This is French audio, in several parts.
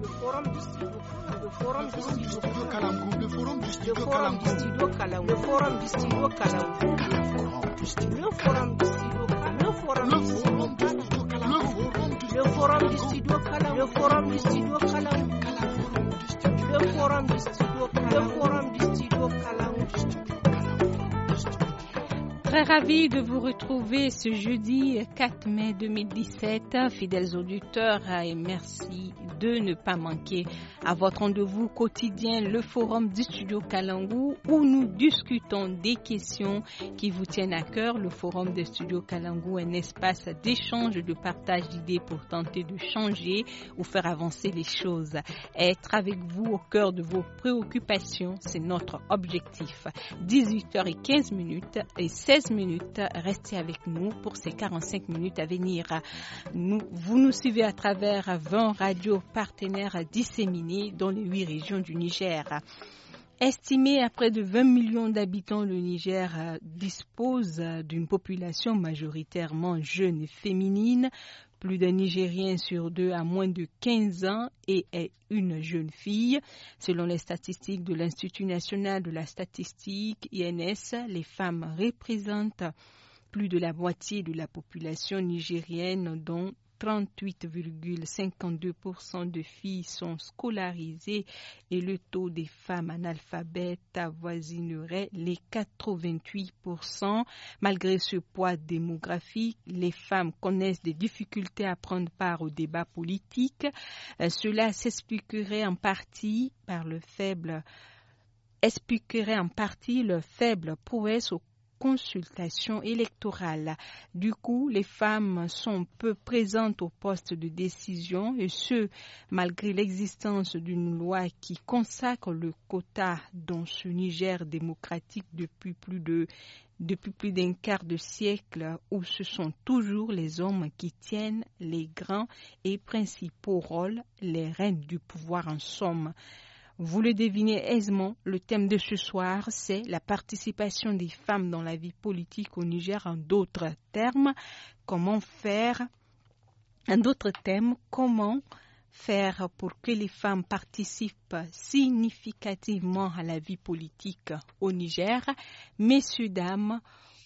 le forum le forum le forum forum le forum Très ravi de vous retrouver ce jeudi 4 mai 2017, fidèles auditeurs, et merci de ne pas manquer. À votre rendez-vous quotidien, le forum du studio Kalangou, où nous discutons des questions qui vous tiennent à cœur. Le forum du studio Kalangou, un espace d'échange, de partage d'idées pour tenter de changer ou faire avancer les choses. Être avec vous au cœur de vos préoccupations, c'est notre objectif. 18h15 et 16 minutes, restez avec nous pour ces 45 minutes à venir. Nous, vous nous suivez à travers 20 radios partenaires disséminés dans les huit régions du Niger. Estimé à près de 20 millions d'habitants, le Niger euh, dispose euh, d'une population majoritairement jeune et féminine. Plus d'un Nigérien sur deux a moins de 15 ans et est une jeune fille. Selon les statistiques de l'Institut national de la statistique, INS, les femmes représentent plus de la moitié de la population nigérienne, dont 38,52% de filles sont scolarisées et le taux des femmes analphabètes avoisinerait les 88%. Malgré ce poids démographique, les femmes connaissent des difficultés à prendre part au débat politique. Euh, cela s'expliquerait en partie par le faible expliquerait en partie le faible prouesse au consultation électorale. Du coup, les femmes sont peu présentes au poste de décision et ce, malgré l'existence d'une loi qui consacre le quota dans ce Niger démocratique depuis plus de depuis plus d'un quart de siècle où ce sont toujours les hommes qui tiennent les grands et principaux rôles, les reines du pouvoir en somme. Vous le devinez aisément, le thème de ce soir, c'est la participation des femmes dans la vie politique au Niger en d'autres termes. Comment faire, un d'autres termes, comment faire pour que les femmes participent significativement à la vie politique au Niger. Messieurs, dames,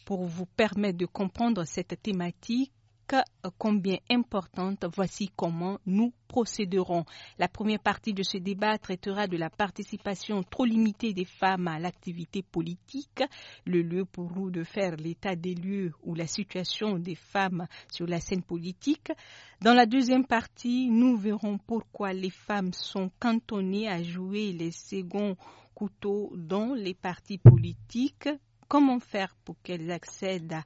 pour vous permettre de comprendre cette thématique, euh, combien importante, voici comment nous procéderons. La première partie de ce débat traitera de la participation trop limitée des femmes à l'activité politique, le lieu pour nous de faire l'état des lieux ou la situation des femmes sur la scène politique. Dans la deuxième partie, nous verrons pourquoi les femmes sont cantonnées à jouer les seconds couteaux dans les partis politiques, comment faire pour qu'elles accèdent à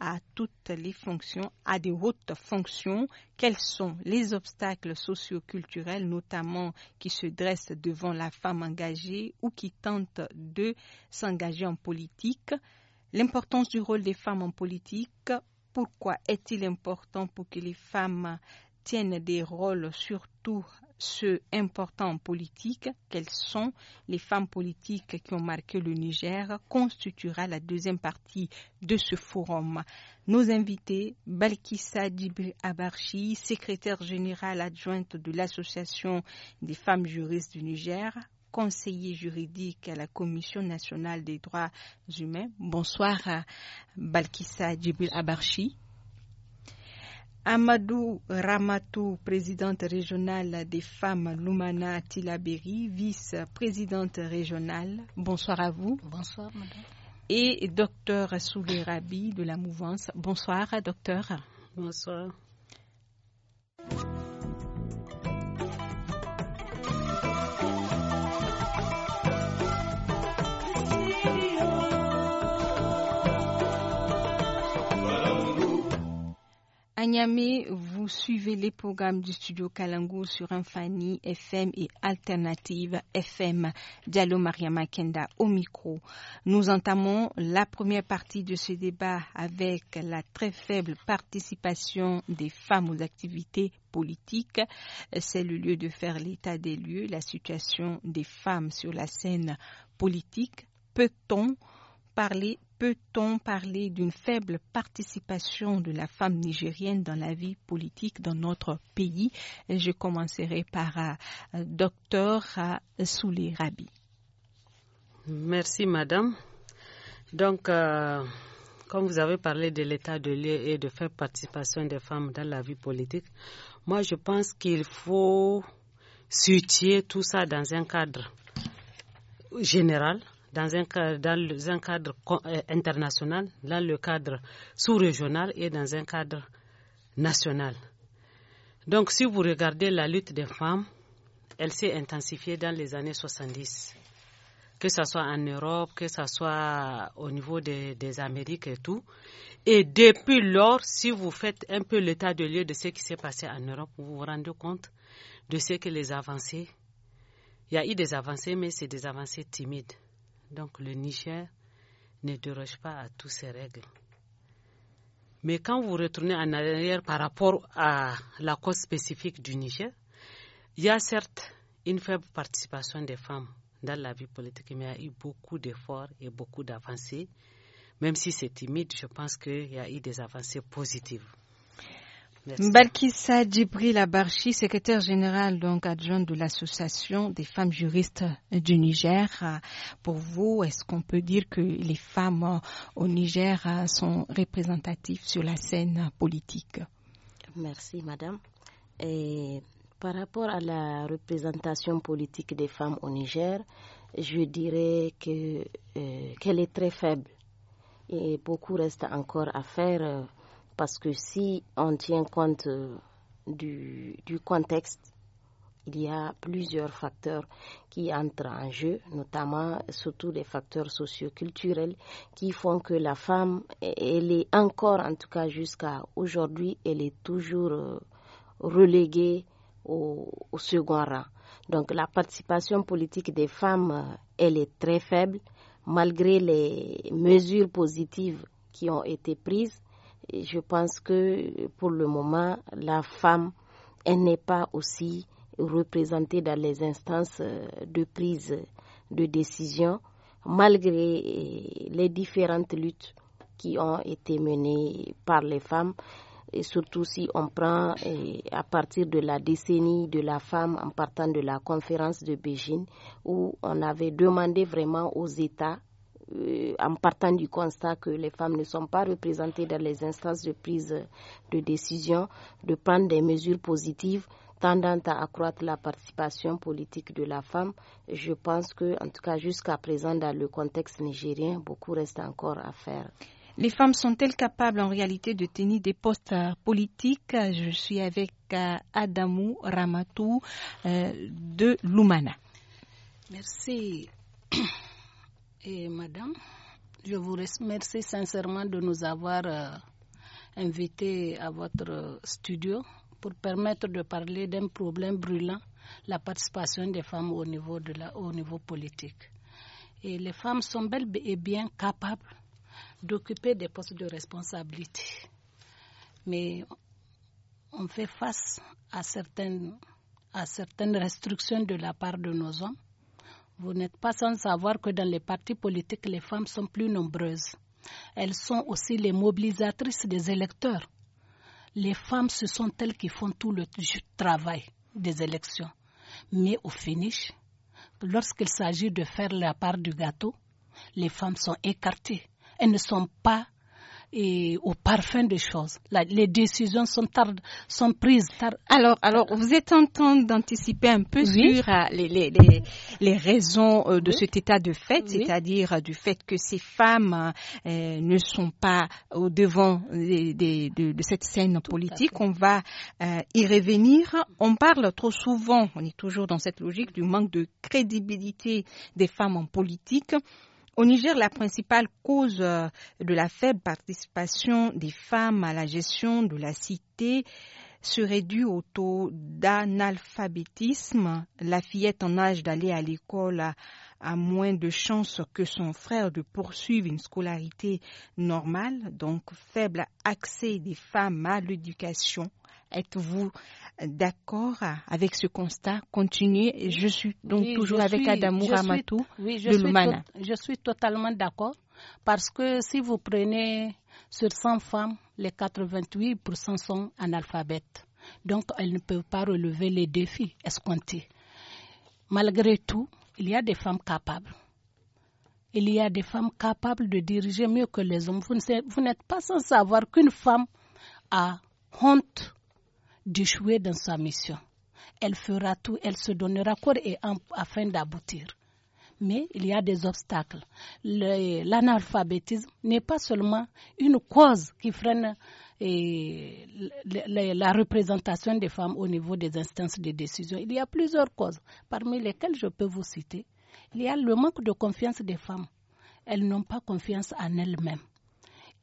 à toutes les fonctions, à des hautes fonctions, quels sont les obstacles socioculturels, notamment qui se dressent devant la femme engagée ou qui tente de s'engager en politique, l'importance du rôle des femmes en politique, pourquoi est-il important pour que les femmes tiennent des rôles surtout ce important politique, quelles sont les femmes politiques qui ont marqué le Niger, constituera la deuxième partie de ce forum. Nos invités, Balkissa Dibri Abarchi, secrétaire générale adjointe de l'Association des femmes juristes du Niger, conseiller juridique à la Commission nationale des droits humains. Bonsoir, Balkissa Djibil Abarchi. Amadou Ramatou, présidente régionale des femmes Lumana Tilaberi, vice-présidente régionale. Bonsoir à vous. Bonsoir, madame. Et docteur Soulé Rabi de la mouvance. Bonsoir, docteur. Bonsoir. Agname, vous suivez les programmes du studio Kalangu sur Infani FM et Alternative FM. Diallo Maria Makenda au micro. Nous entamons la première partie de ce débat avec la très faible participation des femmes aux activités politiques. C'est le lieu de faire l'état des lieux, la situation des femmes sur la scène politique. Peut-on parler peut-on parler d'une faible participation de la femme nigérienne dans la vie politique dans notre pays Je commencerai par Dr euh, docteur euh, Rabi. Merci madame. Donc euh, comme vous avez parlé de l'état de lieu et de faible participation des femmes dans la vie politique, moi je pense qu'il faut situer tout ça dans un cadre général dans un cadre, cadre euh, international, dans le cadre sous-régional et dans un cadre national. Donc, si vous regardez la lutte des femmes, elle s'est intensifiée dans les années 70, que ce soit en Europe, que ce soit au niveau des, Amériques et tout. Et depuis lors, si vous faites un peu l'état de lieu de ce qui s'est passé en Europe, vous vous rendez compte de ce que les avancées, il y a eu des avancées, mais c'est des avancées timides. Donc le Niger ne déroge pas à toutes ces règles. Mais quand vous retournez en arrière par rapport à la cause spécifique du Niger, il y a certes une faible participation des femmes dans la vie politique, mais il y a eu beaucoup d'efforts et beaucoup d'avancées. Même si c'est timide, je pense qu'il y a eu des avancées positives. Balkissa Djibri Labarchi, secrétaire générale donc adjointe de l'Association des femmes juristes du Niger. Pour vous, est-ce qu'on peut dire que les femmes au Niger sont représentatives sur la scène politique Merci, madame. par rapport à la représentation politique des femmes au Niger, je dirais euh, qu'elle est très faible et beaucoup reste encore à faire. Euh, parce que si on tient compte euh, du, contexte, il y a plusieurs facteurs qui entrent en jeu, notamment surtout les facteurs socioculturels qui font que la femme, elle est encore, en tout cas jusqu'à aujourd'hui, elle est toujours euh, reléguée au, au, second rang. Donc la participation politique des femmes, euh, elle est très faible, malgré les mesures positives qui ont été prises je pense que pour le moment, la femme, elle n'est pas aussi représentée dans les instances euh, de prise de décision, malgré euh, les différentes luttes qui ont été menées par les femmes. Et surtout si on prend euh, à partir de la décennie de la femme en partant de la conférence de Beijing où on avait demandé vraiment aux États euh, en partant du constat que les femmes ne sont pas représentées dans les instances de prise de décision, de prendre des mesures positives tendant à accroître la participation politique de la femme. Je pense que, en tout cas, jusqu'à présent, dans le contexte nigérien, beaucoup reste encore à faire. Les femmes sont-elles capables en réalité de tenir des postes euh, politiques Je suis avec euh, Adamou Ramatou de Lumana. Merci. madame. Je vous remercie sincèrement de nous avoir euh, invité à votre studio pour permettre de parler d'un problème brûlant, la participation des femmes au niveau, de politique. Et les femmes sont belles et bien capables d'occuper des postes de responsabilité. Mais on fait face à certaines restrictions de la part de nos hommes vous n'êtes pas sans savoir que dans les partis politiques, les femmes sont plus nombreuses. Elles sont aussi les mobilisatrices des électeurs. Les femmes, ce sont elles qui font tout le travail des élections. Mais au finish, lorsqu'il s'agit de faire la part du gâteau, les femmes sont écartées. Elles ne sont pas et au parfum des choses. les décisions sont, sont prises tard. Alors, alors, vous êtes en train d'anticiper un peu sur euh, les, les, les, les, raisons euh, de cet état de fait, c'est-à-dire euh, du fait que ces femmes ne sont pas au devant de, de, cette scène politique. On va y revenir. On parle trop souvent, on est toujours dans cette logique du manque de crédibilité des femmes en politique. Au Niger, la principale cause euh, de la faible participation des femmes à la gestion de la cité serait due au taux d'analphabétisme. La fillette en âge d'aller à l'école a moins de chances que son frère de poursuivre une scolarité normale, donc faible accès des femmes à l'éducation. Êtes-vous d'accord avec ce constat Continuez. Je suis donc toujours avec suis, Adamou de je suis totalement d'accord parce que si vous prenez sur 100 femmes, les 88% sont analphabètes. Donc, elles ne peuvent pas relever les défis escomptés. Malgré tout, il y a des femmes capables. Il y a des femmes capables de diriger mieux que les hommes. Vous n'êtes pas sans savoir qu'une femme a honte d'échouer dans sa mission. Elle fera tout, elle se donnera corps et âme afin d'aboutir. Mais il y a des obstacles. L'analphabétisme n'est pas seulement une cause qui freine et la, représentation des femmes au niveau des instances de décision. Il y a plusieurs causes, parmi lesquelles je peux vous citer. Il y a le manque de confiance des femmes. Elles n'ont pas confiance en elles-mêmes.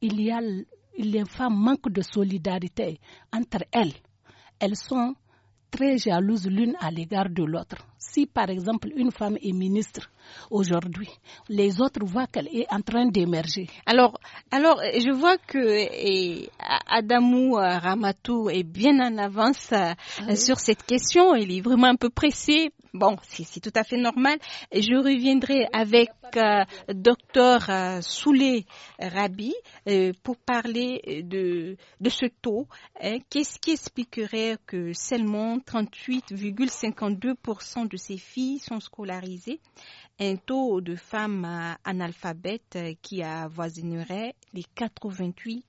Il y a les femmes manquent de solidarité entre elles. Elles sont très jalouses l'une à l'égard de l'autre. Si par exemple une femme est ministre aujourd'hui, les autres voient qu'elle est en train d'émerger. Alors, alors je vois que eh, Adamou euh, Ramatou est bien en avance euh, ah sur cette question. Il est vraiment un peu pressé Bon, c'est tout à fait normal. Je reviendrai avec euh, docteur euh, Soulé Rabi euh, pour parler de, ce taux. Hein. Qu'est-ce qui expliquerait que seulement 38,52% de ces filles sont scolarisées un taux de femmes analphabètes qui avoisinerait les 88%.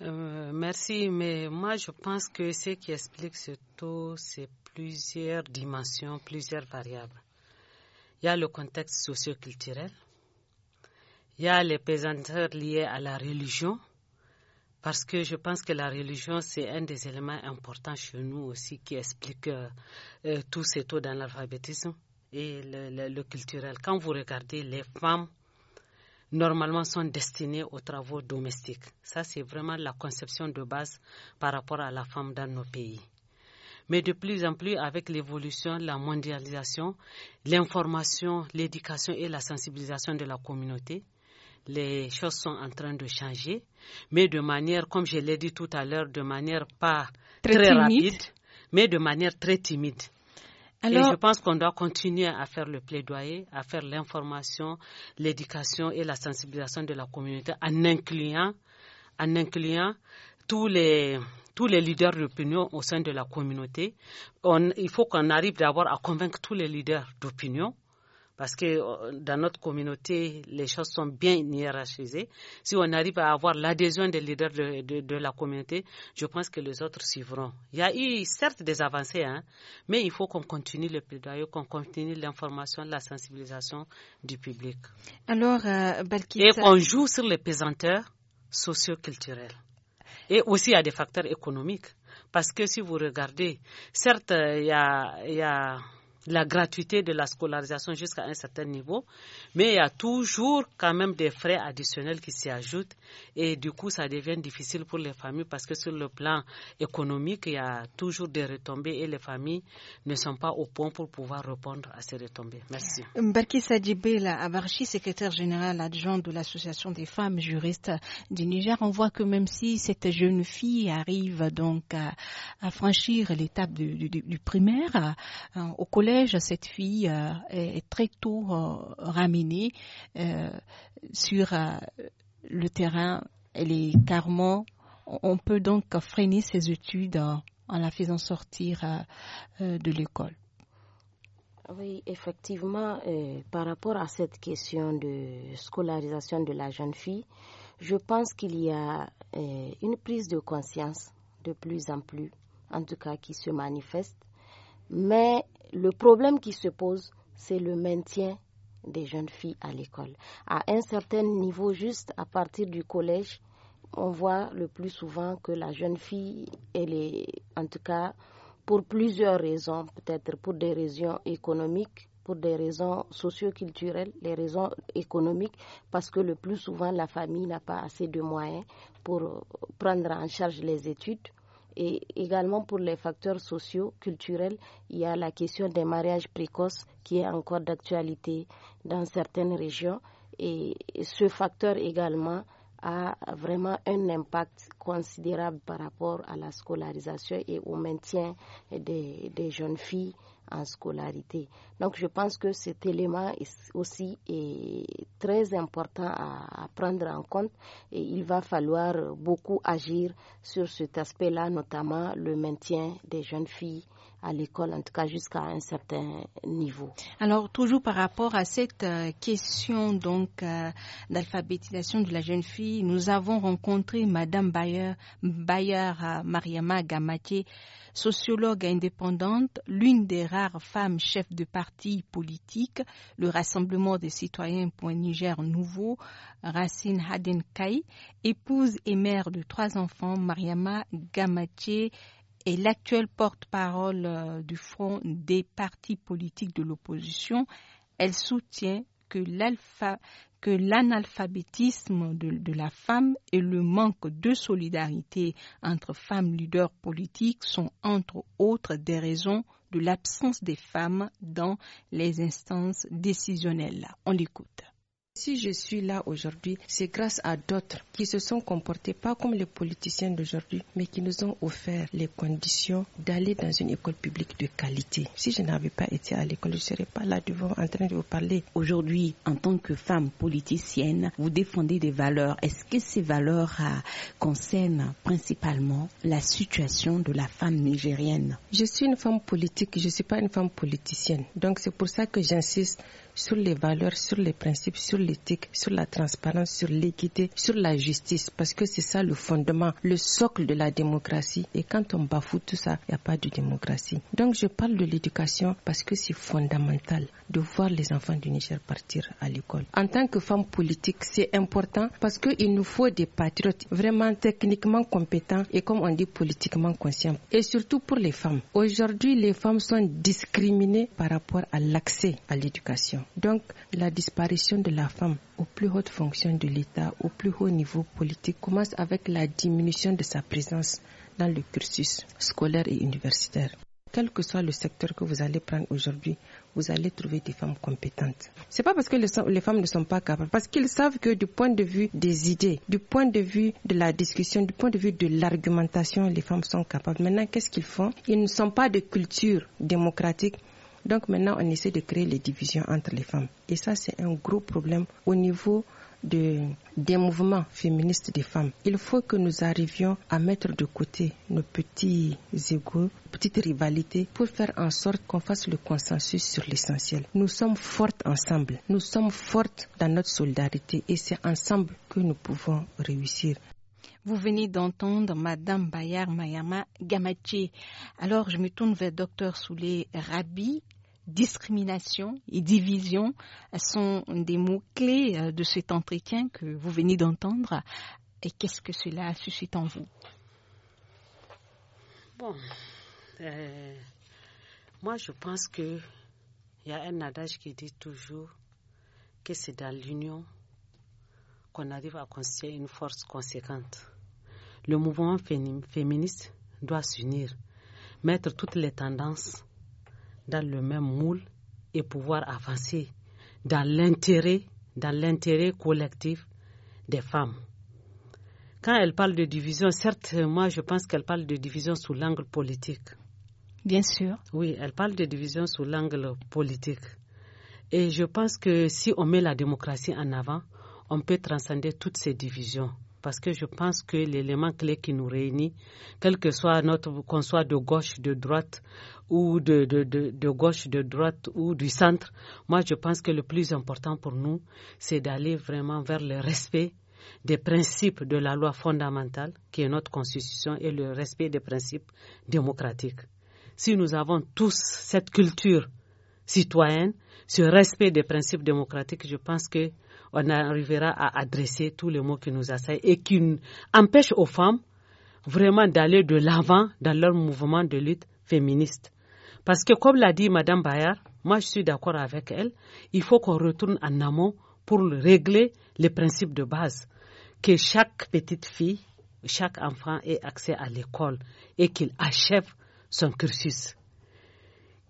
Euh, merci, mais moi je pense que ce qui explique ce taux, c'est plusieurs dimensions, plusieurs variables. Il y a le contexte socioculturel, il y a les pesanteurs liées à la religion, parce que je pense que la religion, c'est un des éléments importants chez nous aussi qui explique euh, euh, tous ces taux dans l'alphabétisme et le, culturel. Quand vous regardez les femmes normalement sont destinés aux travaux domestiques. Ça, c'est vraiment la conception de base par rapport à la femme dans nos pays. Mais de plus en plus, avec l'évolution, la mondialisation, l'information, l'éducation et la sensibilisation de la communauté, les choses sont en train de changer, mais de manière, comme je l'ai dit tout à l'heure, de manière pas très rapide, mais de manière très timide et je pense qu'on doit continuer à faire le plaidoyer, à faire l'information, l'éducation et la sensibilisation de la communauté en incluant, en incluant tous les, tous les leaders d'opinion au sein de la communauté. On, il faut qu'on arrive d'abord à convaincre tous les leaders d'opinion parce que euh, dans notre communauté, les choses sont bien hiérarchisées. Si on arrive à avoir l'adhésion des leaders de, la communauté, je pense que les autres suivront. Il y a eu certes des avancées, hein, mais il faut qu'on continue le plaidoyer, qu'on continue l'information, la sensibilisation du public. Alors, euh, Et qu'on joue sur les pesanteurs socioculturels et aussi à des facteurs économiques. Parce que si vous regardez, certes, euh, il y a la gratuité de la scolarisation jusqu'à un certain niveau, mais il y a toujours quand même des frais additionnels qui s'y ajoutent et du coup ça devient difficile pour les familles parce que sur le plan économique, il y a toujours des retombées et les familles ne sont pas au point pour pouvoir répondre à ces retombées. Merci. Mbarki la Abarchi, secrétaire général adjoint de l'Association des femmes juristes du Niger, on voit que même si cette jeune fille arrive donc à, franchir l'étape du, primaire, euh, au collège, cette fille euh, est très tôt euh, ramenée euh, sur le terrain. Elle est carrément. On peut donc freiner ses études en la faisant sortir de l'école. Oui, effectivement, par rapport à cette question de scolarisation de la jeune fille, je pense qu'il y a une prise de conscience de plus en plus, en tout cas qui se manifeste, mais le problème qui se pose, c'est le maintien des jeunes filles à l'école. À un certain niveau, juste à partir du collège, on voit le plus souvent que la jeune fille, elle est, en tout cas, pour plusieurs raisons, peut-être pour des raisons économiques, pour des raisons socioculturelles, les raisons économiques, parce que le plus souvent, la famille n'a pas assez de moyens pour prendre en charge les études et également pour les facteurs sociaux, culturels, il y a la question des mariages précoces qui est encore d'actualité dans certaines régions. Et ce facteur également a vraiment un impact considérable par rapport à la scolarisation et au maintien des, des jeunes filles en scolarité. Donc je pense que cet élément est aussi est très important à, prendre en compte et il va falloir beaucoup agir sur cet aspect-là, notamment le maintien des jeunes filles à l'école, en tout cas jusqu'à un certain niveau. Alors toujours par rapport à cette euh, question donc euh, d'alphabétisation de la jeune fille, nous avons rencontré Madame Bayer, Bayer euh, Mariama Gamatier, sociologue indépendante, l'une des rares femmes chefs de parti politique, le Rassemblement des citoyens Point Niger nouveau, Racine Haden Kai, épouse et mère de trois enfants, Mariama Gamatier et l'actuelle porte-parole euh, du Front des partis politiques de l'opposition. Elle soutient que l'analphabétisme de, la femme et le manque de solidarité entre femmes leaders politiques sont entre autres des raisons de l'absence des femmes dans les instances décisionnelles. On l'écoute. Si je suis là aujourd'hui, c'est grâce à d'autres qui se sont comportés pas comme les politiciens d'aujourd'hui, mais qui nous ont offert les conditions d'aller dans une école publique de qualité. Si je n'avais pas été à l'école, je ne serais pas là devant en train de vous parler. Aujourd'hui, en tant que femme politicienne, vous défendez des valeurs. Est-ce que ces valeurs euh, concernent principalement la situation de la femme nigérienne Je suis une femme politique, je ne suis pas une femme politicienne. Donc c'est pour ça que j'insiste sur les valeurs, sur les principes, sur l'éthique, sur la transparence, sur l'équité, sur la justice, parce que c'est ça le fondement, le socle de la démocratie. Et quand on bafoue tout ça, il n'y a pas de démocratie. Donc je parle de l'éducation parce que c'est fondamental de voir les enfants du Niger partir à l'école. En tant que femme politique, c'est important parce qu'il nous faut des patriotes vraiment techniquement compétents et comme on dit politiquement conscients. Et surtout pour les femmes. Aujourd'hui, les femmes sont discriminées par rapport à l'accès à l'éducation. Donc la disparition de la femme aux plus hautes fonctions de l'État, au plus haut niveau politique, commence avec la diminution de sa présence dans le cursus scolaire et universitaire. Quel que soit le secteur que vous allez prendre aujourd'hui, vous allez trouver des femmes compétentes. n'est pas parce que les femmes ne sont pas capables, parce qu'ils savent que du point de vue des idées, du point de vue de la discussion, du point de vue de l'argumentation, les femmes sont capables. Maintenant, qu'est-ce qu'ils font Ils ne sont pas de culture démocratique, donc maintenant, on essaie de créer les divisions entre les femmes. Et ça, c'est un gros problème au niveau des mouvements féministes des femmes. Il faut que nous arrivions à mettre de côté nos petits égaux, petites rivalités, pour faire en sorte qu'on fasse le consensus sur l'essentiel. Nous sommes fortes ensemble, nous sommes fortes dans notre solidarité et c'est ensemble que nous pouvons réussir. Vous venez d'entendre Madame Bayar Mayama Gamache. Alors, je me tourne vers Docteur Souley Rabi discrimination et division sont des mots-clés euh, de cet entretien que vous venez d'entendre. Et qu'est-ce que cela suscite en vous Bon, euh, moi je pense que il y a un adage qui dit toujours que c'est dans l'union qu'on arrive à construire une force conséquente. Le mouvement féministe doit s'unir, mettre toutes les tendances dans le même moule et pouvoir avancer dans l'intérêt, dans l'intérêt collectif des femmes. Quand elle parle de division, certes, moi je pense qu'elle parle de division sous l'angle politique. Bien sûr. Oui, elle parle de division sous l'angle politique. Et je pense que si on met la démocratie en avant, on peut transcender toutes ces divisions parce que je pense que l'élément clé qui nous réunit, quel que soit notre, qu'on soit de gauche, de droite, ou de, de, gauche, de droite, ou du centre, moi je pense que le plus important pour nous, c'est d'aller vraiment vers le respect des principes de la loi fondamentale, qui est notre constitution, et le respect des principes démocratiques. Si nous avons tous cette culture citoyenne, ce respect des principes démocratiques, je pense que on arrivera à adresser tous les mots qui nous assaillent et qui empêchent aux femmes vraiment d'aller de l'avant dans leur mouvement de lutte féministe. Parce que comme l'a dit Mme Bayard, moi je suis d'accord avec elle, il faut qu'on retourne en amont pour régler les principes de base, que chaque petite fille, chaque enfant ait accès à l'école et qu'il achève son cursus,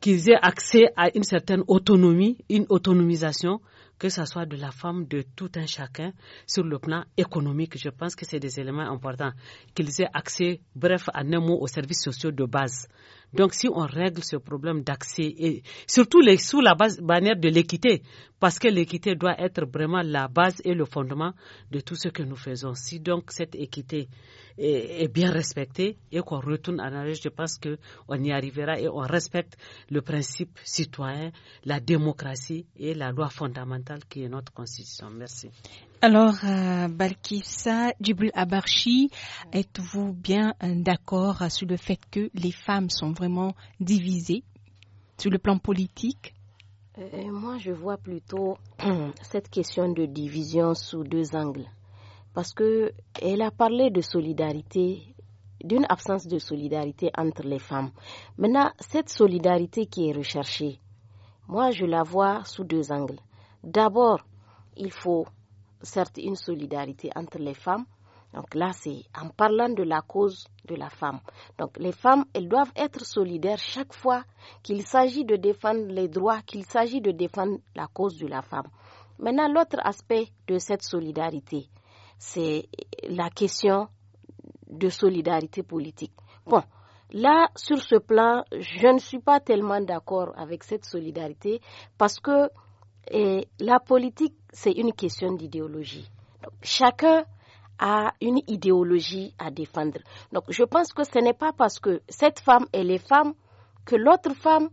qu'ils aient accès à une certaine autonomie, une autonomisation, que ce soit de la femme, de tout un chacun, sur le plan économique. Je pense que c'est des éléments importants, qu'ils aient accès, bref, à un mot, aux services sociaux de base. Donc, si on règle ce problème d'accès, et surtout sous la base, bannière de l'équité, parce que l'équité doit être vraiment la base et le fondement de tout ce que nous faisons. Si donc cette équité est, bien respectée et qu'on retourne à la arrière, je pense qu'on y arrivera et on respecte le principe citoyen, la démocratie et la loi fondamentale qui est notre Constitution. Merci. Alors, euh, Balkissa Djibril Abarchi, êtes-vous bien euh, d'accord sur le fait que les femmes sont vraiment divisées sur le plan politique euh, Moi, je vois plutôt cette question de division sous deux angles. Parce que elle a parlé de solidarité, d'une absence de solidarité entre les femmes. Maintenant, cette solidarité qui est recherchée, moi, je la vois sous deux angles. D'abord, il faut certes une solidarité entre les femmes. Donc là, c'est en parlant de la cause de la femme. Donc les femmes, elles doivent être solidaires chaque fois qu'il s'agit de défendre les droits, qu'il s'agit de défendre la cause de la femme. Maintenant, l'autre aspect de cette solidarité, c'est la question de solidarité politique. Bon, là, sur ce plan, je ne suis pas tellement d'accord avec cette solidarité parce que et la politique, c'est une question d'idéologie. Chacun a une idéologie à défendre. Donc je pense que ce n'est pas parce que cette femme, elle les femmes que l'autre femme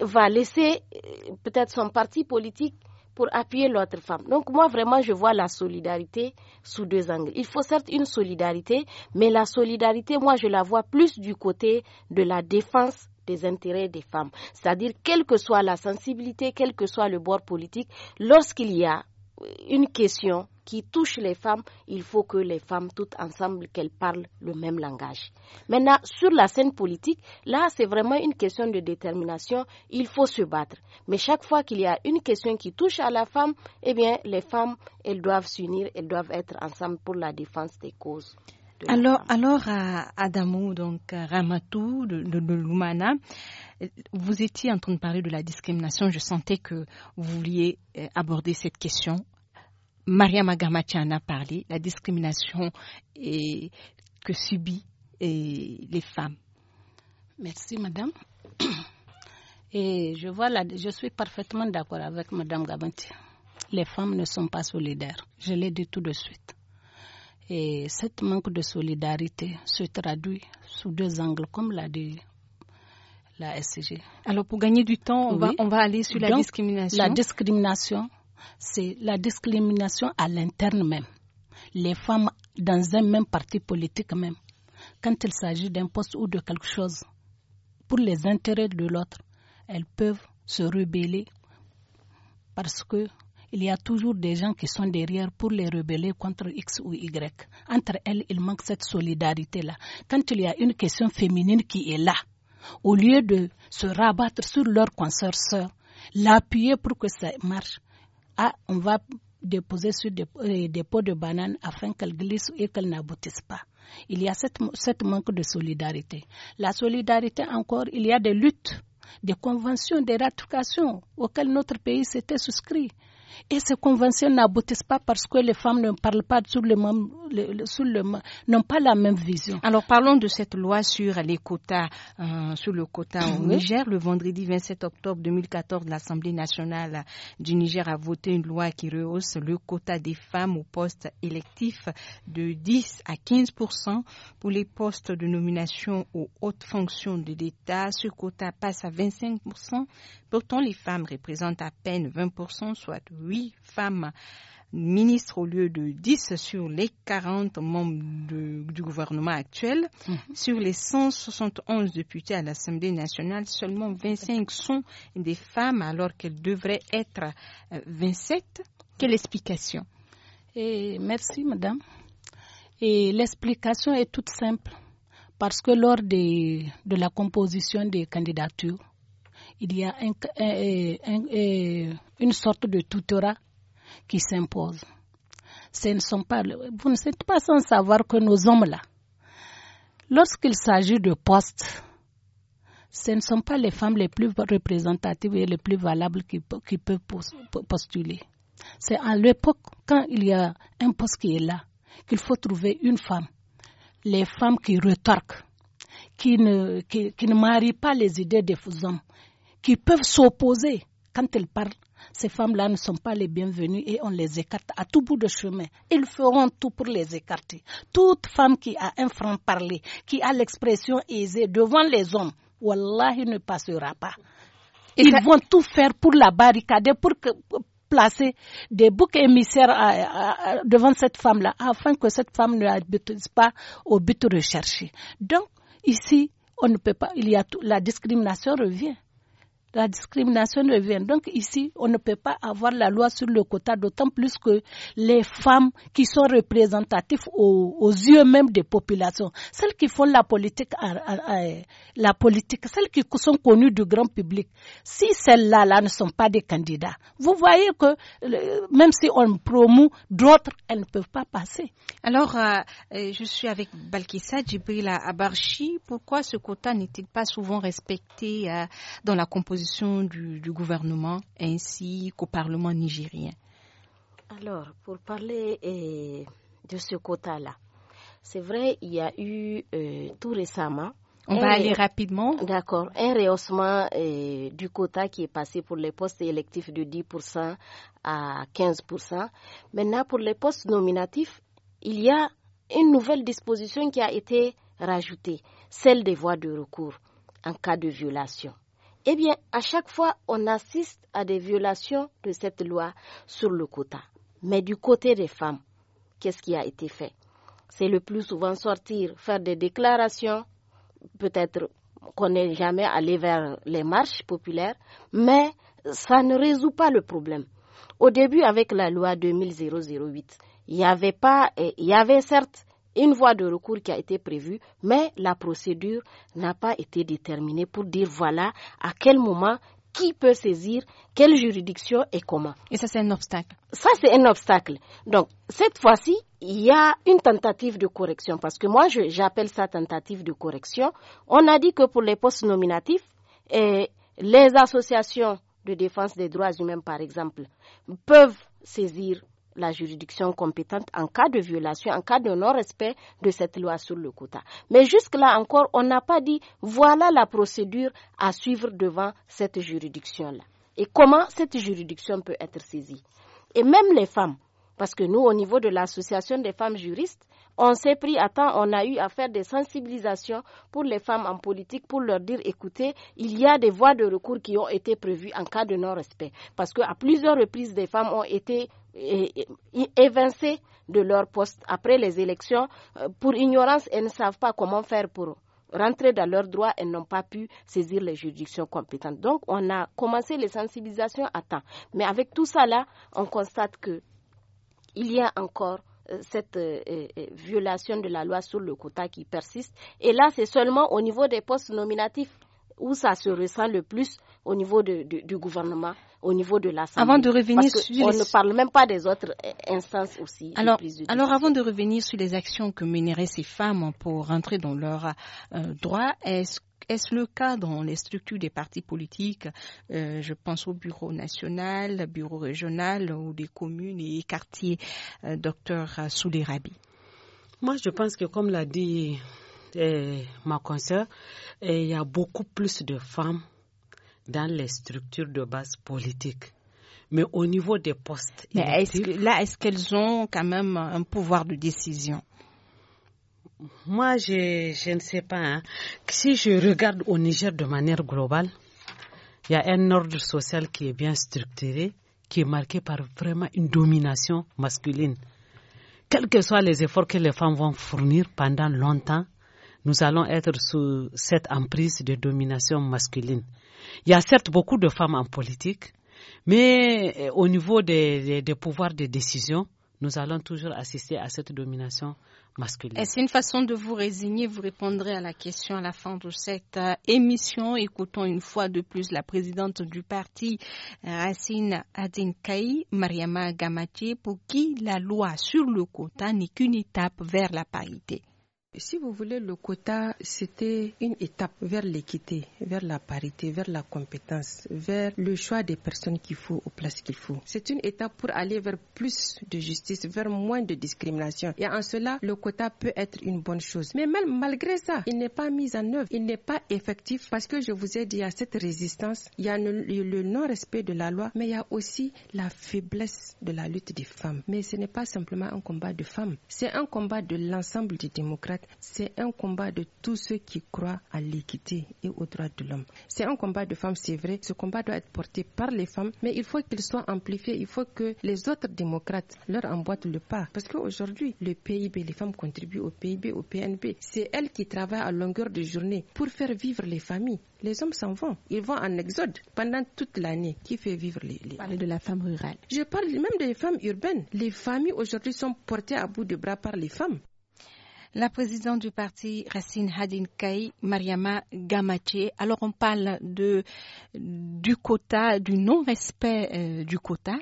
va laisser euh, peut-être son parti politique pour appuyer l'autre femme. Donc moi vraiment je vois la solidarité sous deux angles. Il faut certes une solidarité, mais la solidarité moi je la vois plus du côté de la défense des intérêts des femmes. C'est-à-dire, quelle que soit la sensibilité, quel que soit le bord politique, lorsqu'il y a une question qui touche les femmes, il faut que les femmes toutes ensemble qu'elles parlent le même langage. Maintenant, sur la scène politique, là, c'est vraiment une question de détermination. Il faut se battre. Mais chaque fois qu'il y a une question qui touche à la femme, eh bien, les femmes, elles doivent s'unir, elles doivent être ensemble pour la défense des causes. Alors, alors à Adamo, donc à Ramatou de, Lumana, vous étiez en train de parler de la discrimination. Je sentais que vous vouliez euh, aborder cette question. Maria en a parlé, la discrimination que subit les femmes. Merci, madame. Et je vois là, je suis parfaitement d'accord avec madame Gabanti. Les femmes ne sont pas solidaires. Je l'ai dit tout de suite. Et cette manque de solidarité se traduit sous deux angles, comme l'a dit la SCG. Alors, pour gagner du temps, on, va, on va aller sur la discrimination. La discrimination, c'est la discrimination à l'interne même. Les femmes dans un même parti politique même. Quand il s'agit d'un poste ou de quelque chose, pour les intérêts de l'autre, elles peuvent se rebeller parce que il y a toujours des gens qui sont derrière pour les rebeller contre X ou Y. Entre elles, il manque cette solidarité-là. Quand il y a une question féminine qui est là, au lieu de se rabattre sur leur consoeur l'appuyer pour que ça marche, ah, on va déposer sur des, euh, pots de bananes afin qu'elles glisse et qu'elles n'aboutisse pas. Il y a cette, cette manque de solidarité. La solidarité encore, il y a des luttes des conventions, des ratifications auxquelles notre pays s'était souscrit. Et ces conventions n'aboutissent pas parce que les femmes ne parlent pas sur le même, le, n'ont pas la même vision. Alors parlons de cette loi sur les quotas, euh, sur le quota au Niger. Le vendredi 27 octobre 2014, l'Assemblée nationale du Niger a voté une loi qui rehausse le quota des femmes aux postes électifs de 10 à 15 pour les postes de nomination aux hautes fonctions de l'État. Ce quota passe à 25 Pourtant, les femmes représentent à peine 20%, soit 8 femmes ministres au lieu de 10 sur les 40 membres du gouvernement actuel. Mhm. Sur les 171 députés à l'Assemblée nationale, seulement 25 sont des femmes alors qu'elles devraient être 27. Euh, Quelle explication Merci, madame. Et l'explication est toute simple, parce que lors de la composition des candidatures, il y a une sorte de tutorat qui s'impose. Ce ne sont pas, vous ne êtes pas sans savoir que nos hommes-là, lorsqu'il s'agit de postes, ce ne sont pas les femmes les plus représentatives et les plus valables qui, peuvent postuler. C'est à l'époque, quand il y a un poste qui est là, qu'il faut trouver une femme. Les femmes qui retorquent, qui ne, qui, qui ne marient pas les idées des hommes, qui peuvent s'opposer quand elles parlent, ces femmes-là ne sont pas les bienvenues et on les écarte à tout bout de chemin. Ils feront tout pour les écarter. Toute femme qui a un franc-parler, qui a l'expression aisée devant les hommes, il ne passera pas. Ils vont tout faire pour la barricader, pour, placer des boucs émissaires devant cette femme-là, afin que cette femme ne l'admette pas au but recherché. Donc, ici, on ne peut pas, il y a la discrimination revient la discrimination revient. Donc ici, on ne peut pas avoir la loi sur le quota, d'autant plus que les femmes qui sont représentatives aux, yeux même des populations, celles qui font la politique, la politique, celles qui sont connues du grand public, si celles-là ne sont pas des candidats, vous voyez que même si on promeut d'autres, elles ne peuvent pas passer. Alors, euh, euh, je suis avec Balkissa Djibril Abarchi. Pourquoi ce quota n'est-il pas souvent respecté euh, dans la composition du, gouvernement ainsi qu'au Parlement nigérien Alors, pour parler eh, de ce quota-là, c'est vrai, il y a eu euh, tout récemment. On va aller rapidement. D'accord. Un rehaussement eh, du quota qui est passé pour les postes électifs de 10% à 15%. Maintenant, pour les postes nominatifs, il y a une nouvelle disposition qui a été rajoutée, celle des voies de recours en cas de violation eh bien, à chaque fois, on assiste à des violations de cette loi sur le quota. Mais du côté des femmes, qu'est-ce qui a été fait C'est le plus souvent sortir, faire des déclarations, peut-être qu'on n'est jamais allé vers les marches populaires, mais ça ne résout pas le problème. Au début, avec la loi 2008, il y avait pas, il y avait certes une voie de recours qui a été prévue, mais la procédure n'a pas été déterminée pour dire voilà à quel moment qui peut saisir quelle juridiction et comment. Et ça, c'est un obstacle. Ça, c'est un obstacle. Donc, cette fois-ci, il y a une tentative de correction, parce que moi, j'appelle ça tentative de correction. On a dit que pour les postes nominatifs, les associations de défense des droits humains, par exemple, peuvent saisir la juridiction compétente en cas de violation, en cas de non-respect de cette loi sur le quota. Mais jusque-là encore, on n'a pas dit voilà la procédure à suivre devant cette juridiction-là et comment cette juridiction peut être saisie. Et même les femmes, parce que nous, au niveau de l'association des femmes juristes, on s'est pris à temps, on a eu à faire des sensibilisations pour les femmes en politique pour leur dire écoutez, il y a des voies de recours qui ont été prévues en cas de non-respect. Parce que à plusieurs reprises, des femmes ont été évincées de leur poste après les élections euh, pour ignorance elles ne savent pas comment faire pour rentrer dans leurs droits, et n'ont pas pu saisir les juridictions compétentes. Donc, on a commencé les sensibilisations à temps. Mais avec tout ça là, on constate que il y a encore euh, cette euh, euh, violation de la loi sur le quota qui persiste. Et là, c'est seulement au niveau des postes nominatifs où ça se ressent le plus au niveau du gouvernement, au niveau de l'Assemblée. Avant de Parce ne parle même pas des autres instances aussi. Alors, alors avant de revenir sur les actions que meneraient ces femmes pour rentrer dans leurs droit droits, est-ce est-ce le cas dans les structures des partis politiques euh, Je pense au bureau national, bureau régional ou des communes et quartiers. Euh, docteur Soulerabi. Moi, je pense que comme l'a dit euh, ma consoeur, il y a beaucoup plus de femmes dans les structures de base politique mais au niveau des postes. là, est-ce qu'elles ont quand même un pouvoir de décision moi, je, ne sais pas. Hein. Si je regarde au Niger de manière globale, il y a un ordre social qui est bien structuré, qui est marqué par vraiment une domination masculine. Quels que soient les efforts que les femmes vont fournir pendant longtemps, nous allons être sous cette emprise de domination masculine. Il y a certes beaucoup de femmes en politique, mais euh, au niveau des, des pouvoirs de décision, nous allons toujours assister à cette domination est-ce une façon de vous résigner Vous répondrez à la question à la fin de cette euh, émission. Écoutons une fois de plus la présidente du parti Racine Adinkai, Mariama Gamati, pour qui la loi sur le quota n'est qu'une étape vers la parité. Si vous voulez, le quota, c'était une étape vers l'équité, vers la parité, vers la compétence, vers le choix des personnes qu'il faut aux places qu'il faut. C'est une étape pour aller vers plus de justice, vers moins de discrimination. Et en cela, le quota peut être une bonne chose. Mais même malgré ça, il n'est pas mis en œuvre, il n'est pas effectif parce que je vous ai dit, il y a cette résistance, il y a le non-respect de la loi, mais il y a aussi la faiblesse de la lutte des femmes. Mais ce n'est pas simplement un combat de femmes, c'est un combat de l'ensemble des démocrates c'est un combat de tous ceux qui croient à l'équité et aux droits de l'homme. C'est un combat de femmes, c'est vrai. Ce combat doit être porté par les femmes, mais il faut qu'il soit amplifié. Il faut que les autres démocrates leur emboîtent le pas. Parce qu'aujourd'hui, le PIB, les femmes contribuent au PIB, au PNB. C'est elles qui travaillent à longueur de journée pour faire vivre les familles. Les hommes s'en vont. Ils vont en exode pendant toute l'année. Qui fait vivre les, les... Parlez de la femme rurale. Je parle même des femmes urbaines. Les familles aujourd'hui sont portées à bout de bras par les femmes. La présidente du parti Racine Hadin Kaï, Mariama Gamache. Alors on parle du quota, du non-respect euh, du quota,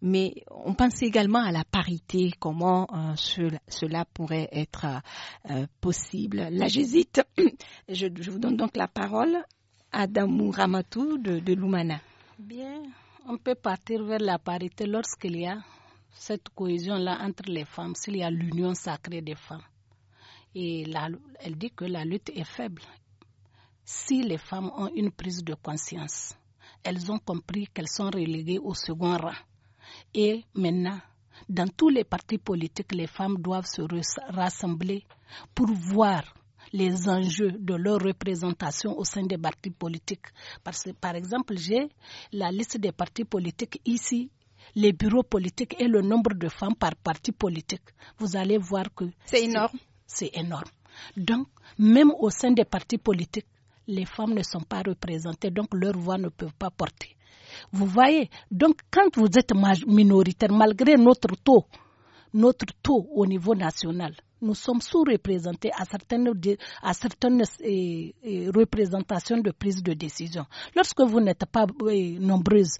mais on pense également à la parité, comment euh, cela pourrait être euh, possible. Là j'hésite. Je, vous donne donc la parole à Damou Ramatou de, de Lumana. Bien, on peut partir vers la parité lorsqu'il y a cette cohésion-là entre les femmes, s'il y a l'union sacrée des femmes. Et elle dit que la lutte est faible. Si les femmes ont une prise de conscience, elles ont compris qu'elles sont reléguées au second rang. Et maintenant, dans tous les partis politiques, les femmes doivent se rassembler pour voir les enjeux de leur représentation au sein des partis politiques. Parce que, par exemple, j'ai la liste des partis politiques ici, les bureaux politiques et le nombre de femmes par parti politique. Vous allez voir que. C'est énorme c'est énorme. Donc, même au sein des partis politiques, les femmes ne sont pas représentées, donc leur voix ne peut pas porter. Vous voyez, donc quand vous êtes minoritaire, malgré notre taux, notre taux au niveau national, nous sommes sous-représentés à certaines, à certaines eh, eh, représentations de prise de décision. Lorsque vous n'êtes pas eh, nombreuses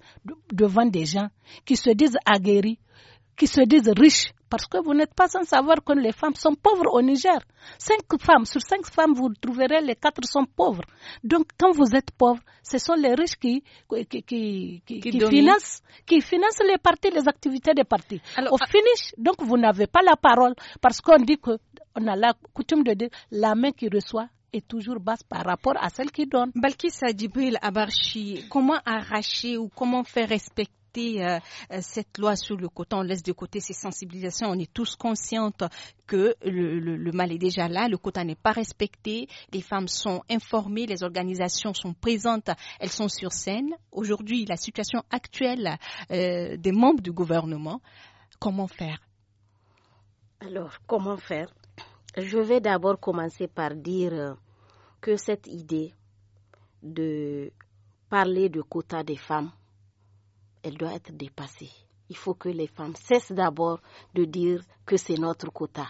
devant des gens qui se disent aguerris, qui se disent riches, parce que vous n'êtes pas sans savoir que les femmes sont pauvres au Niger. Cinq femmes, sur cinq femmes, vous trouverez les quatre sont pauvres. Donc, quand vous êtes pauvre, ce sont les riches qui, qui, financent, qui financent les partis, les activités des partis. Au ah. finish, donc, vous n'avez pas la parole parce qu'on dit que, on a la coutume de dire, la main qui reçoit est toujours basse par rapport à celle qui donne. Balkis Adjibril Abarchi, comment arracher ou comment faire respecter euh, euh, cette loi sur le quota, on laisse de côté ces sensibilisations. On est tous conscientes que le, mal est déjà là, le quota n'est pas respecté, les femmes sont informées, les organisations sont présentes, elles sont sur scène. Aujourd'hui, la situation actuelle euh, des membres du gouvernement, comment faire Alors, comment faire Je vais d'abord commencer par dire que cette idée de parler de quota des femmes elle doit être dépassée. Il faut que les femmes cessent d'abord de dire que c'est notre quota.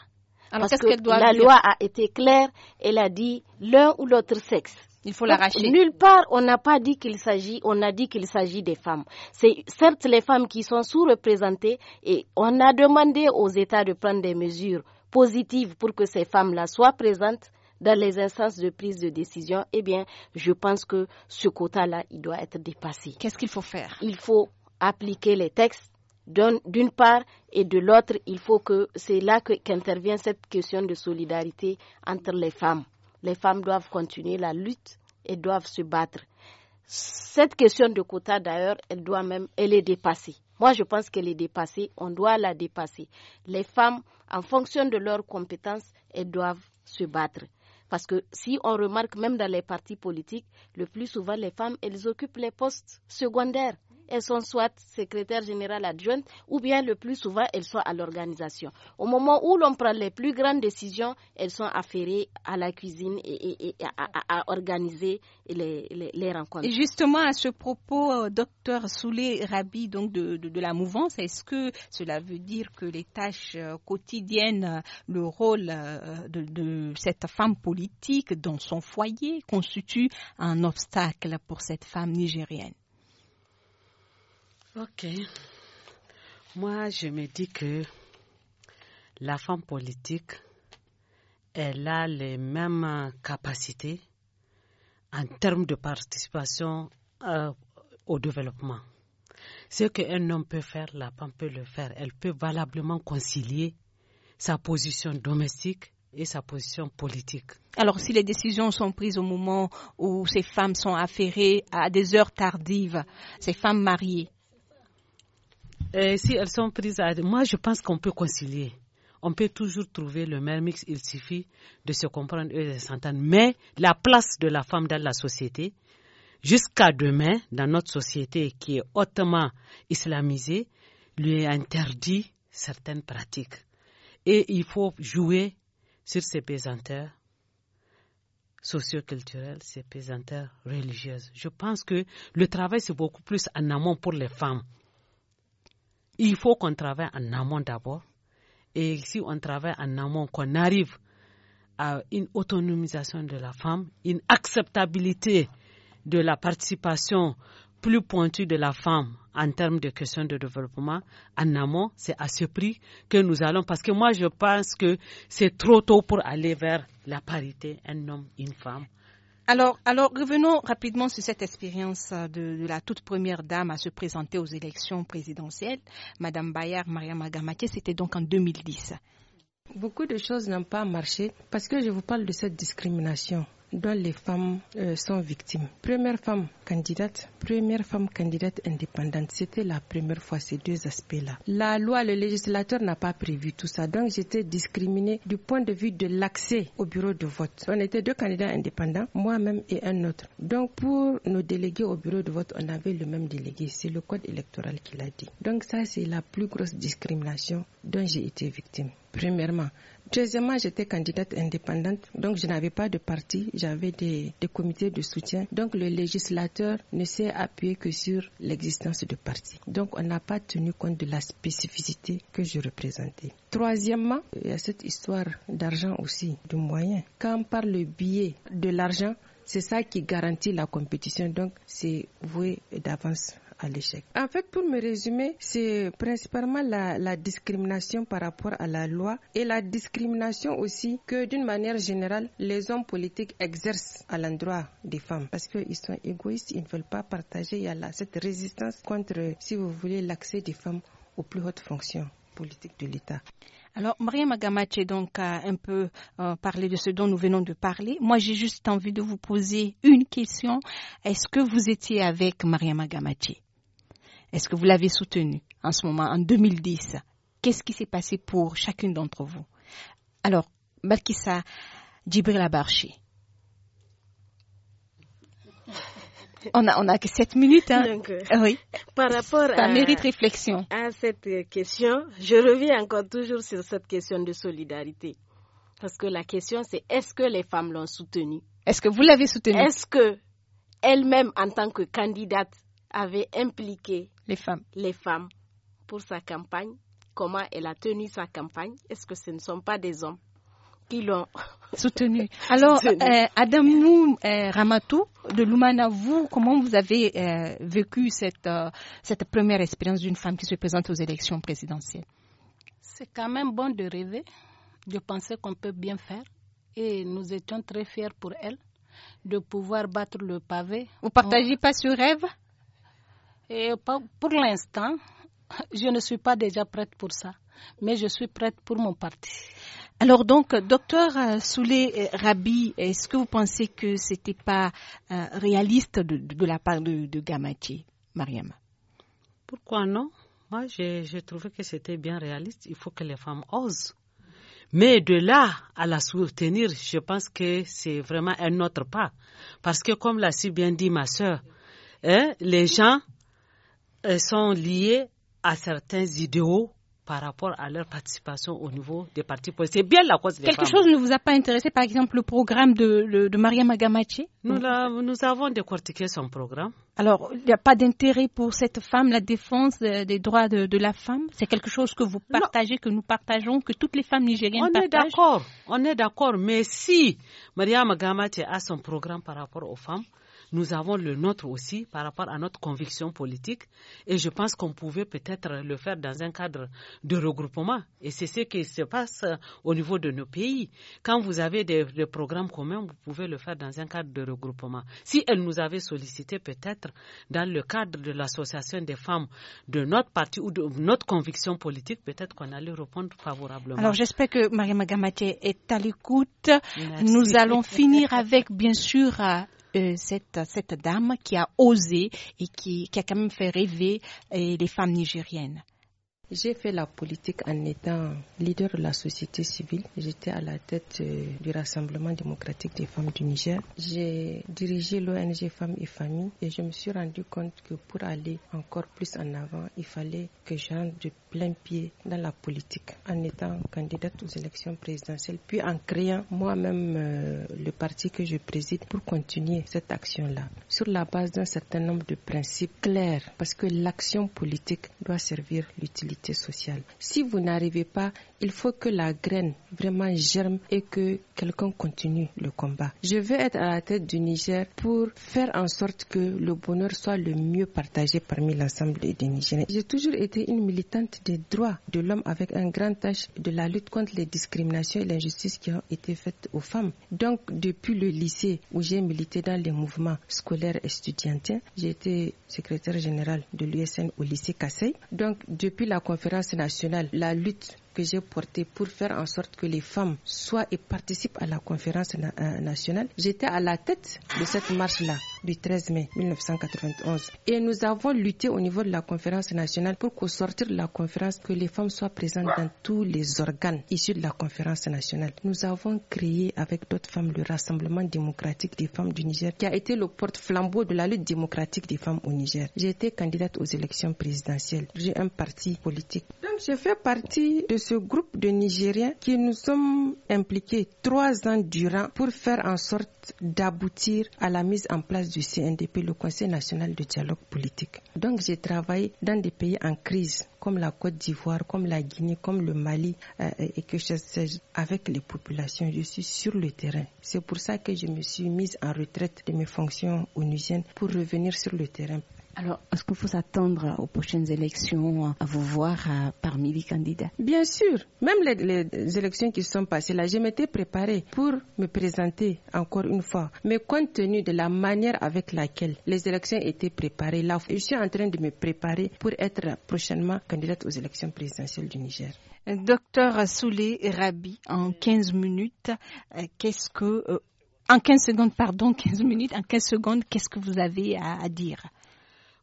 Parce que la loi a été claire, elle a dit l'un ou l'autre sexe. Il faut l'arracher. Nulle part, on n'a pas dit qu'il s'agit, on a dit qu'il s'agit des femmes. C'est certes les femmes qui sont sous-représentées et on a demandé aux États de prendre des mesures positives pour que ces femmes-là soient présentes dans les instances de prise de décision. Eh bien, je pense que ce quota-là, il doit être dépassé. Qu'est-ce qu'il faut faire Il faut appliquer les textes d'une part et de l'autre, il faut que c'est là qu'intervient cette question de solidarité entre les femmes. Les femmes doivent continuer la lutte et doivent se battre. Cette question de quota d'ailleurs, elle doit même, elle est dépassée. Moi, je pense qu'elle est dépassée. On doit la dépasser. Les femmes, en fonction de leurs compétences, elles doivent se battre. Parce que si on remarque même dans les partis politiques, le plus souvent les femmes, elles occupent les postes secondaires elles sont soit secrétaire générale adjointe ou bien le plus souvent elles sont à l'organisation. Au moment où l'on prend les plus grandes décisions, elles sont affairées à la cuisine et, à, organiser les, rencontres. Et justement à ce propos, euh, docteur Soulé Rabi, donc de, la mouvance, est-ce que cela veut dire que les tâches euh, quotidiennes, le rôle euh, de, de cette femme politique dans son foyer constitue un obstacle pour cette femme nigérienne? Ok. Moi, je me dis que la femme politique, elle a les mêmes capacités en termes de participation euh, au développement. Ce qu'un homme peut faire, la femme peut le faire. Elle peut valablement concilier sa position domestique et sa position politique. Alors, si les décisions sont prises au moment où ces femmes sont affairées à des heures tardives, ces femmes mariées, euh, si elles sont prises à... Moi, je pense qu'on peut concilier. On peut toujours trouver le meilleur mix. Il suffit de se comprendre et de s'entendre. Mais la place de la femme dans la société, jusqu'à demain, dans notre société qui est hautement islamisée, lui interdit certaines pratiques. Et il faut jouer sur ces pesanteurs socioculturelles, ces pesanteurs religieuses. Je pense que le travail, c'est beaucoup plus en amont pour les femmes il faut qu'on travaille en amont d'abord. Et si on travaille en amont, qu'on arrive à une autonomisation de la femme, une acceptabilité de la participation plus pointue de la femme en termes de questions de développement en amont, c'est à ce prix que nous allons, parce que moi je pense que c'est trop tôt pour aller vers la parité, un homme, une femme. Alors, revenons rapidement sur cette expérience euh, de, la toute première dame à se présenter aux élections présidentielles. Madame Bayard, Maria c'était donc en 2010. Beaucoup de choses n'ont pas marché parce que je vous parle de cette discrimination dont les femmes euh, sont victimes. Première femme candidate, première femme candidate indépendante, c'était la première fois ces deux aspects-là. La loi, le législateur n'a pas prévu tout ça, donc j'étais discriminée du point de vue de l'accès au bureau de vote. On était deux candidats indépendants, moi-même et un autre. Donc pour nos délégués au bureau de vote, on avait le même délégué, c'est le code électoral qui l'a dit. Donc ça, c'est la plus grosse discrimination dont j'ai été victime. Premièrement, Deuxièmement, j'étais candidate indépendante, donc je n'avais pas de parti, j'avais des, comités de soutien. Donc le législateur ne s'est appuyé que sur l'existence de parti. Donc on n'a pas tenu compte de la spécificité que je représentais. Troisièmement, il y a cette histoire d'argent aussi, de moyens. Quand on parle le biais de l'argent, c'est ça qui garantit la compétition, donc c'est voué d'avance l'échec. En fait, pour me résumer, c'est principalement la, discrimination par rapport à la loi et la discrimination aussi que d'une manière générale, les hommes politiques exercent à l'endroit des femmes parce qu'ils sont égoïstes, ils ne veulent pas partager. Il y a cette résistance contre, si vous voulez, l'accès des femmes aux plus hautes fonctions politiques de l'État. Alors, Maria Magamache, donc, a euh, un peu euh, parlé de ce dont nous venons de parler. Moi, j'ai juste envie de vous poser une question. Est-ce que vous étiez avec Maria Magamache est-ce que vous l'avez soutenu en ce moment, en 2010 Qu'est-ce qui s'est passé pour chacune d'entre vous Alors, Balkissa Djibril On a, on a que 7 minutes. Hein? Euh, oui. Par rapport Ça à, mérite réflexion. à cette question, je reviens encore toujours sur cette question de solidarité. Parce que la question, c'est est-ce que les femmes l'ont soutenue Est-ce que vous l'avez soutenue Est-ce que elle mêmes en tant que candidate avait impliqué les femmes. les femmes pour sa campagne, comment elle a tenu sa campagne, est-ce que ce ne sont pas des hommes qui l'ont soutenue Alors, euh, Adam euh, Ramatou de Lumana, vous, comment vous avez euh, vécu cette, euh, cette première expérience d'une femme qui se présente aux élections présidentielles C'est quand même bon de rêver, de penser qu'on peut bien faire. Et nous étions très fiers pour elle de pouvoir battre le pavé. Vous partagez pas ce rêve pour l'instant, je ne suis pas déjà prête pour ça, mais je suis prête pour mon parti. Alors donc, docteur euh, Soulé euh, Rabi, est-ce que vous pensez que ce n'était pas euh, réaliste de, la part de, de Gamati, Mariam Pourquoi non Moi, j'ai trouvé que c'était bien réaliste. Il faut que les femmes osent. Mais de là à la soutenir, je pense que c'est vraiment un autre pas. Parce que comme l'a si bien dit ma soeur, hein, les gens sont liées à certains idéaux par rapport à leur participation au niveau des partis politiques. C'est bien la cause des Quelque chose ne vous a pas intéressé, par exemple, le programme de, Maria Magamachi nous, avons décortiqué son programme. Alors, il n'y a pas d'intérêt pour cette femme, la défense des droits de, la femme C'est quelque chose que vous partagez, que nous partageons, que toutes les femmes nigériennes on partagent Est d'accord, on est d'accord, mais si Maria Magamachi a son programme par rapport aux femmes, nous avons le nôtre aussi par rapport à notre conviction politique et je pense qu'on pouvait peut-être le faire dans un cadre de regroupement. Et c'est ce qui se passe au niveau de nos pays. Quand vous avez des, programmes communs, vous pouvez le faire dans un cadre de regroupement. Si elle nous avait sollicité peut-être dans le cadre de l'association des femmes de notre parti ou de notre conviction politique, peut-être qu'on allait répondre favorablement. Alors j'espère que Marie Magamate est à l'écoute. Nous allons finir avec, bien sûr, euh, cette, cette dame qui a osé et qui, qui a quand même fait rêver euh, les femmes nigériennes. J'ai fait la politique en étant leader de la société civile. J'étais à la tête euh, du Rassemblement démocratique des femmes du Niger. J'ai dirigé l'ONG Femmes et Familles et je me suis rendu compte que pour aller encore plus en avant, il fallait que j'entre de plein pied dans la politique en étant candidate aux élections présidentielles, puis en créant moi-même euh, le parti que je préside pour continuer cette action-là sur la base d'un certain nombre de principes clairs parce que l'action politique doit servir l'utilité sociale. Si vous n'arrivez pas, il faut que la graine vraiment germe et que quelqu'un continue le combat. Je veux être à la tête du Niger pour faire en sorte que le bonheur soit le mieux partagé parmi l'ensemble des Nigériens. J'ai toujours été une militante des droits de l'homme avec un grand tâche de la lutte contre les discriminations et l'injustice qui ont été faites aux femmes. Donc, depuis le lycée où j'ai milité dans les mouvements scolaires et étudiants, j'ai été secrétaire générale de l'USN au lycée Kassai. Donc, depuis la conférence nationale, la lutte que j'ai porté pour faire en sorte que les femmes soient et participent à la conférence euh, nationale, j'étais à la tête de cette marche-là du 13 mai 1991. Et nous avons lutté au niveau de la conférence nationale pour qu'au sortir de la conférence, que les femmes soient présentes dans tous les organes issus de la conférence nationale. Nous avons créé avec d'autres femmes le Rassemblement démocratique des femmes du Niger, qui a été le porte-flambeau de la lutte démocratique des femmes au Niger. J'ai été candidate aux élections présidentielles. J'ai un parti politique. Donc je fais partie de ce groupe de Nigériens qui nous sommes impliqués trois ans durant pour faire en sorte d'aboutir à la mise en place du CNDP, le Conseil national de dialogue politique. Donc j'ai travaillé dans des pays en crise comme la Côte d'Ivoire, comme la Guinée, comme le Mali euh, et que je sais avec les populations. Je suis sur le terrain. C'est pour ça que je me suis mise en retraite de mes fonctions onusiennes pour revenir sur le terrain. Alors, est-ce qu'il faut s'attendre aux prochaines élections à vous voir euh, parmi les candidats Bien sûr. Même les, élections qui sont passées, là, je m'étais préparée pour me présenter encore une fois. Mais compte tenu de la manière avec laquelle les élections étaient préparées, là, je suis en train de me préparer pour être prochainement candidate aux élections présidentielles du Niger. Docteur Soulé Rabi, en 15 minutes, euh, qu'est-ce que euh, en 15 secondes, pardon, 15 minutes, en 15 secondes, qu'est-ce que vous avez à dire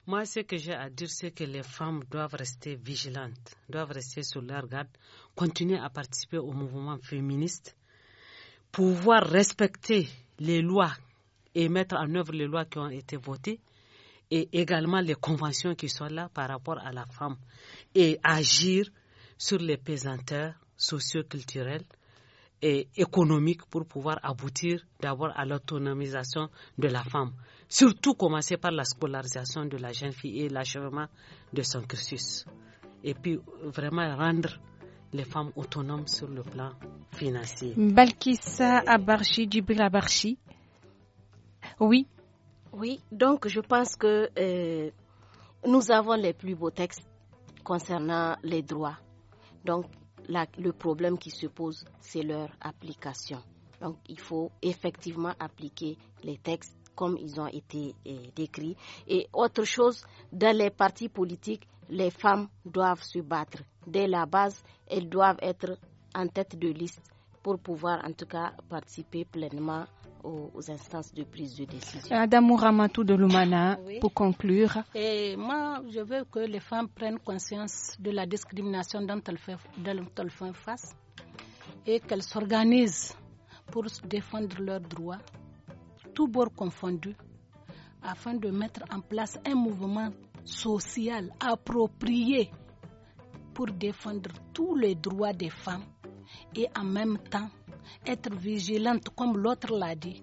moi, ce que j'ai à dire, c'est que les femmes doivent rester vigilantes, doivent rester sur leur garde, continuer à participer au mouvement féministe, pouvoir respecter les lois et mettre en œuvre les lois qui ont été votées et également les conventions qui sont là par rapport à la femme et agir sur les pesanteurs socioculturels et économiques pour pouvoir aboutir d'abord à l'autonomisation de la femme. Surtout commencer par la scolarisation de la jeune fille et l'achèvement de son cursus. Et puis vraiment rendre les femmes autonomes sur le plan financier. Balkissa Abarchi, Djibril Abarchi. Oui. Oui, donc je pense que euh, nous avons les plus beaux textes concernant les droits. Donc le problème qui se pose, c'est leur application. Donc il faut effectivement appliquer les textes comme ils ont été euh, décrits. Et autre chose, dans les partis politiques, les femmes doivent se battre. Dès la base, elles doivent être en tête de liste pour pouvoir en tout cas participer pleinement aux, instances de prise de décision. Madame Ramatou de Lumana, pour conclure. Et moi, je veux que les femmes prennent conscience de la discrimination dont elles font face et qu'elles s'organisent pour défendre leurs droits tout bord confondus, afin de mettre en place un mouvement social approprié pour défendre tous les droits des femmes et en même temps être vigilante, comme l'autre l'a dit,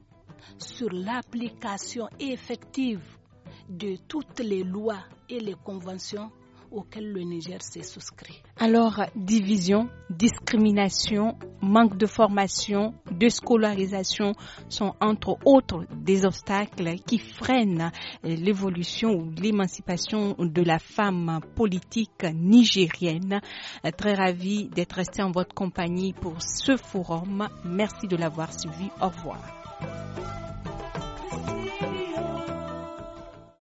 sur l'application effective de toutes les lois et les conventions auxquelles le Niger s'est souscrit. Alors, division, discrimination, manque de formation, de scolarisation sont entre autres des obstacles qui freinent euh, l'évolution ou l'émancipation de la femme politique nigérienne. Euh, très ravie d'être restée en votre compagnie pour ce forum. Merci de l'avoir suivi. Au revoir.